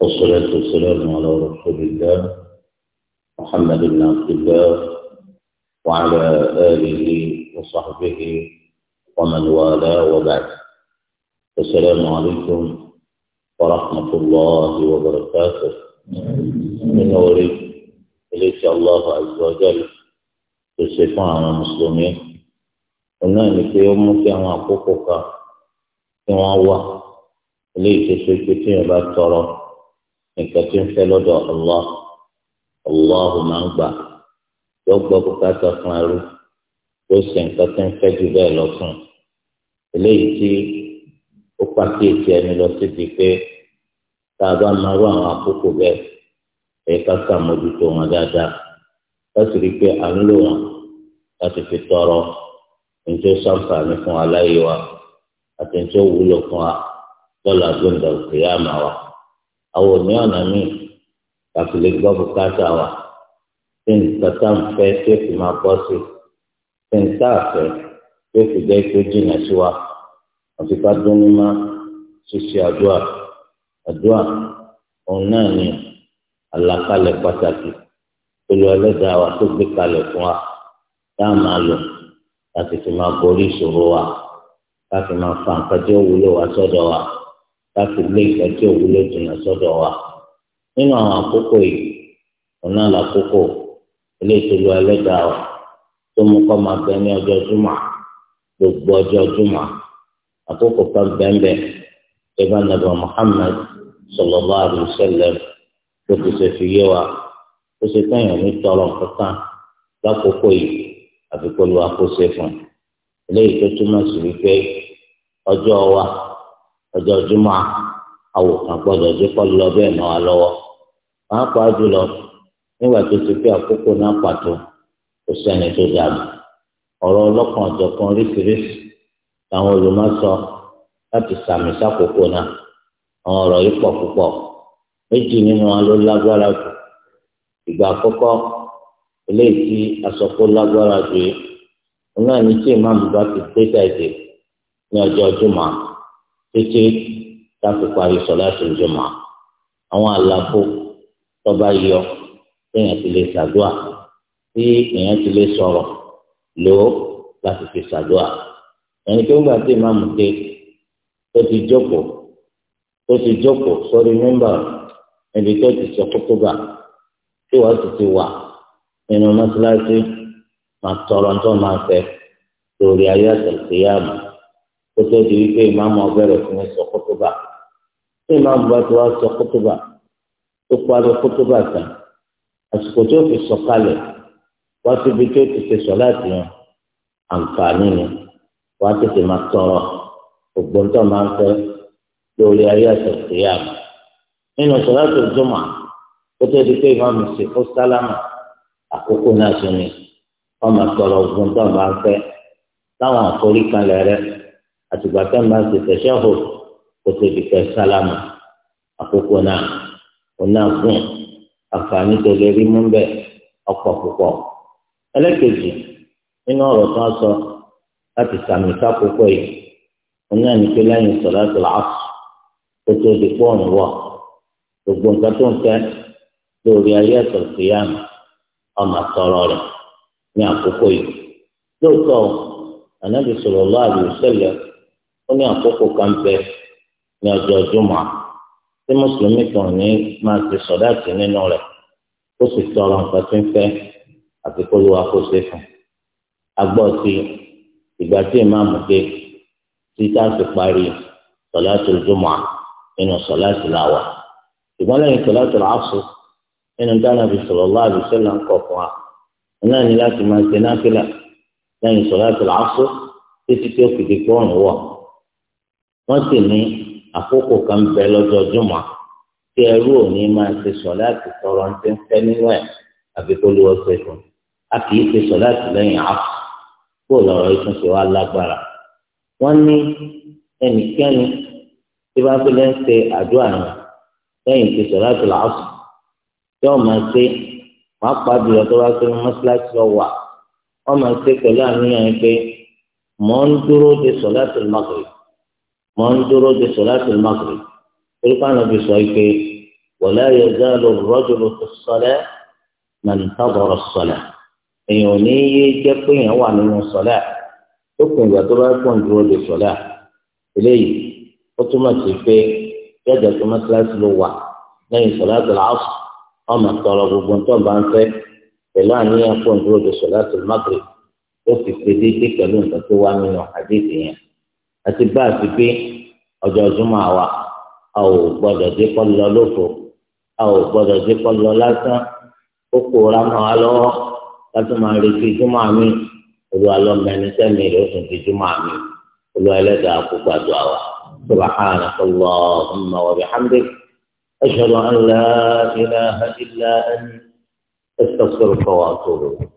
والصلاة والسلام على رسول الله محمد بن عبد الله وعلى آله وصحبه ومن والاه وبعد السلام عليكم ورحمة الله وبركاته من أوريك إليك الله عز وجل في على المسلمين ونحن في يوم كان حقوقك كما هو إليك سيكتين بعد طرف nǹkan tí ń fẹ́ lọ́dọ̀ Allah Allah máa ń gbà yóò gbọ́ bùkátà fún arú yóò ṣe nǹkan tí ń fẹ́ jù bẹ́ẹ̀ lọ fún un eléyìí tí ó pàkíyèsí ẹni lọ síbi pé tá a bá máa rú àwọn àkókò bẹ́ẹ̀ ẹ ká sàmójútó wọn dáadáa láti rí i pé à ń lò wọn láti fi tọrọ njẹ sàǹfààní fún aláyé wa àti njẹ wúlò fún wa lọ́la gbọ̀ngàn kìyàmà wa àwọn òní ọ̀nà míì kàfi lè gbọ́ bùkátà wa tí nǹkan tá à ń fẹ́ tí ó fi máa bọ́ sí tí nǹkan tá fẹ́ tí ó fi jẹ́ pé jìnnà sí wa àti ká ṣíṣe àdúrà àdúrà òun náà ni àlàkalẹ̀ pàtàkì olú ẹlẹ́dàá wa tó gbé kalẹ̀ fún wa tá a máa lò láti fi máa borí ìṣòro wa láti máa fa nǹkan tí ó wúlò wá sọ́dọ̀ wa láti lé ìfẹ́ tí òwú jìnnà sọ́dọ̀ wa nínú àwọn àkókò yìí ọ̀nà làkókò ilé ìtòlú ẹlẹ́dàá wa tó mú kọ́ máa bẹ ní ọjọ́ júmọ̀ gbogbo ọjọ́ júmọ̀ àkókò kan bẹ́ẹ̀ ìbá nàbà Muhammad sallallahu alaihi wasallam tó fi ṣe fi yé wa ó ṣe tẹ̀yàn ní tọrọ kankan lákòókò yìí àfikún wa kó ṣe fún un eléyìí tó túmọ̀ sí wípé ọjọ́ wa ọjọ́ jùmọ̀ àwòkàn gbọ́dọ̀ jẹ́ kọ́ lọ bẹ́ẹ̀ mọ́ wa lọ́wọ́ pàápàá jùlọ nígbà tó ti pé àkókò náà pàtó kò sẹ́ni tó dàbí ọ̀rọ̀ ọlọ́kan ọ̀jọ̀kan oríṣiríṣi làwọn olùmọ̀ sọ láti sàmì sákòókò náà àwọn ọ̀rọ̀ yìí pọ̀ púpọ̀ méjì nínú wọn ló lágbára jù ìgbà àkọ́kọ́ eléyìí tí asọ̀kò lágbára jù yìí òun náà ní tí ti gbé jáde ní ọjọ́ jùmọ̀ tètè láti parí sọláṣẹ ìjọmọ àwọn àlàfo tọba yọ téèyàn ti lè ṣàdúà tí èèyàn ti lè sọ̀rọ̀ lò ó láti fi ṣàdúà ẹni tó ń gbà tí ìmáàmù dé tó ti jókòó tó ti jókòó sórí mímbà níbi tó ti sọ kókó bá tí wàá sì ti wà nínú mọ́tíláṣí máa tọrọ tó máa fẹ́ lórí ayé àtẹ̀síyàmù kótó di wípé ìmáàmù ọbẹ̀rẹ̀ fún mi sọ kótóbà tí ìmáàmù bá ti wá sọ kótóbà tó parí kótóbà tán àsìkò tó fi sọ kalẹ̀ wá síbi tó ti ṣe sọ láti yan àǹfààní ni wá tètè máa tọrọ ògbóǹtọ̀ máa ń fẹ́ lórí ayé àtẹ̀sí yá nínú sọ láti kótó di pé ìmáàmù sì fún sálámà àkókò náà sí ni wọ́n máa tọrọ ògbóǹtọ̀ máa ń fẹ́ láwọn àforíkanlẹ̀ rẹ̀ àtùgbà tó ń bá ń tètè ṣẹ́hù kó tó di kẹ́ sálámà àkókò náà òun náà gùn àǹfààní tó lè rí mú bẹ́ẹ̀ ọ̀pọ̀ púpọ̀ ẹlẹ́kejì nínú ọ̀rọ̀ tó ń sọ láti sàmì sákòókò yìí òun náà ní pé lẹ́yìn sọ̀láṣọ̀ láàfù kó tó di pọ́ọ̀nù wọ̀ gbogbo nǹkan tó ń fẹ́ lórí ayé ẹ̀sọ̀ síyáàmù ọmọ àtọ̀rọ̀ rẹ̀ ní àkókò yìí lóòótọ́ ànábì sallallahu alaihi ó ní àkókò kan bẹ ní ọjọ́ jùmọ̀ tí mùsùlùmí kan ní máa ti sọ̀dáàtì nínú rẹ̀ ó sì tọrọ nǹkan tí ń fẹ́ àti kó ló wa kó ṣe fún un. agbọ́ ti ìgbà tí ìmáàmù dé tí táàsì parí sọ̀láàtì jùmọ̀ nínú sọ̀láàtì làwà ṣùgbọ́n lẹ́yìn sọ̀láàtì làásù nínú dánàbì sallallahu alaihi wasallam ń kọ̀ fún wa náà ní láti máa ṣe náfìlà lẹ́yìn sọ̀láàtì làásù títí tí ó fi di pọ́ùn wọ̀ wọ́n sì ní àkókò kan bẹ lọ́jọ́ jùmọ̀ tí ẹrú òní máa ṣe sọ láti tọrọ ní fẹ́ nínú ẹ̀ àbí kó lówó ṣe fún a kì í ṣe sọ láti lẹ́yìn àpò kó lọ́rọ̀ ìtún ṣe wá lágbára wọ́n ní ẹnikẹ́ni tí bá fi lẹ́ ń ṣe àdúrà yẹn lẹ́yìn ti sọ láti làásù tí wọ́n máa ṣe wọ́n pàdé ọ̀tọ́ wá sí mọ́ṣáláṣí ọ̀wà wọ́n máa ṣe àníyàn pé mò ń dúró de sọ láti lọ́kùnrin mọ ń dúró de sọláàtì maghrib torípa náà fi sọ pé wala yazalu ar-rajulu fi as-salah nantadara as-salah èèyàn ò ní yé jẹ́ pé èèyàn wà nínú sọlá tó kùn ìgbà tó bá pọ̀ ń dúró de sọlá eléyìí ó túmọ̀ sí pé yàtọ̀ tó mọ́tíláṣí ló wà lẹ́yìn sọlá làásù ọmọ tọrọ gbogbo tó bá ń fẹ́ pẹ̀lú àníyàn pọ̀ ń dúró de sọlá tó ó sì pé déédéé pẹ̀lú nǹkan tó wà nínú àdéhùn yẹn àti bá a ti pé ọjọ́ ìjùmọ̀ àwa a ò gbọ́dọ̀ dé kọ́ lọ lófo a ò gbọ́dọ̀ dé kọ́ lọ lásán ó pòórá mọ́ wa lọ́wọ́ láti máa retí ìjùmọ̀ àmì olúwa lọ́mọ ẹni sẹ́mi rẹ̀ ó sì ti ìjùmọ̀ àmì olúwa ẹlẹ́dàá kó gbàdúrà wa subhanaka allahumma wa bihamdik ashhadu an la ilaha illa anta astaghfiruka wa atubu ilayk.